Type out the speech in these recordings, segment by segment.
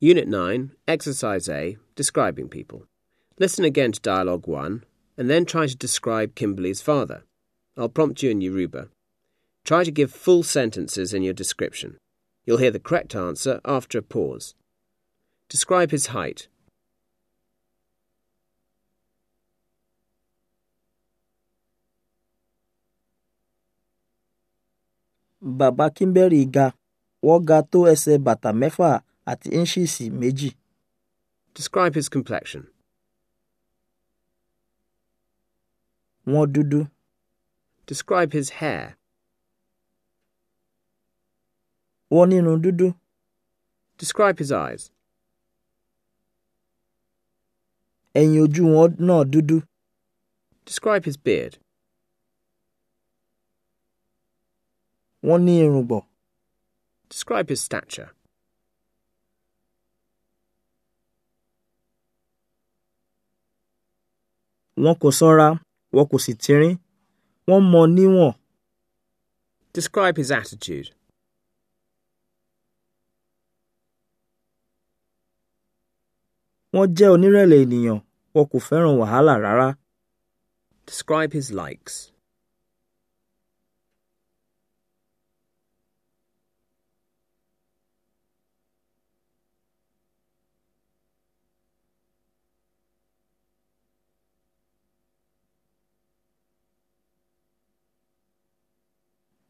Unit 9, Exercise A, Describing People. Listen again to Dialogue 1 and then try to describe Kimberly's father. I'll prompt you in Yoruba. Try to give full sentences in your description. You'll hear the correct answer after a pause. Describe his height. Baba Kimberly ga, ga tó ẹsẹ̀ bàtà mẹ́fà àti si méjì. Describe his complexion. Wọ́n dúdú. Describe his hair. Wọ́n nínú dúdú. Describe his eyes. Ẹ̀yìn ojú wọn dúdú. Describe his beard. Wọ́n ní Describe his stature. wọn kò sanra wọn kò sì tínrín wọ́n mọ níwọ̀n. Describe his attitude. Wọ́n jẹ́ onírẹ̀lẹ̀ ènìyàn, wọn kò fẹ́ràn wàhálà rárá. Describe his likes.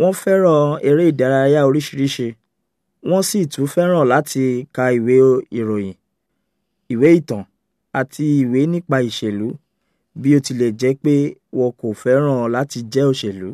Wọ́n fẹ́ràn eré ìdárayá oríṣiríṣi, wọ́n sì tún fẹ́ràn láti ka ìwé ìròyìn, ìwé ìtàn àti ìwé nípa ìṣèlú bí ó tilẹ̀ jẹ́ pé wọn kò fẹ́ràn láti jẹ́ òṣèlú.